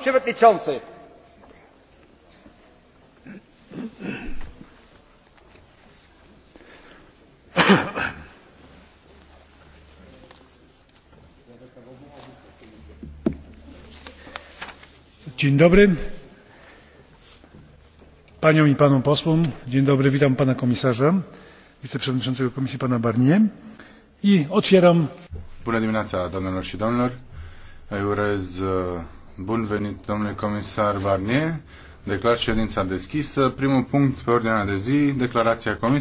przewodniczący! Dzień dobry paniom i panom posłom. Dzień dobry, witam pana komisarza, wiceprzewodniczącego komisji pana Barnie i otwieram. Bună dimineața, domnilor și domnilor. Eu urez Bun venit, domnule comisar Barnier. Declar ședința deschisă. Primul punct pe ordinea de zi, declarația comisiei.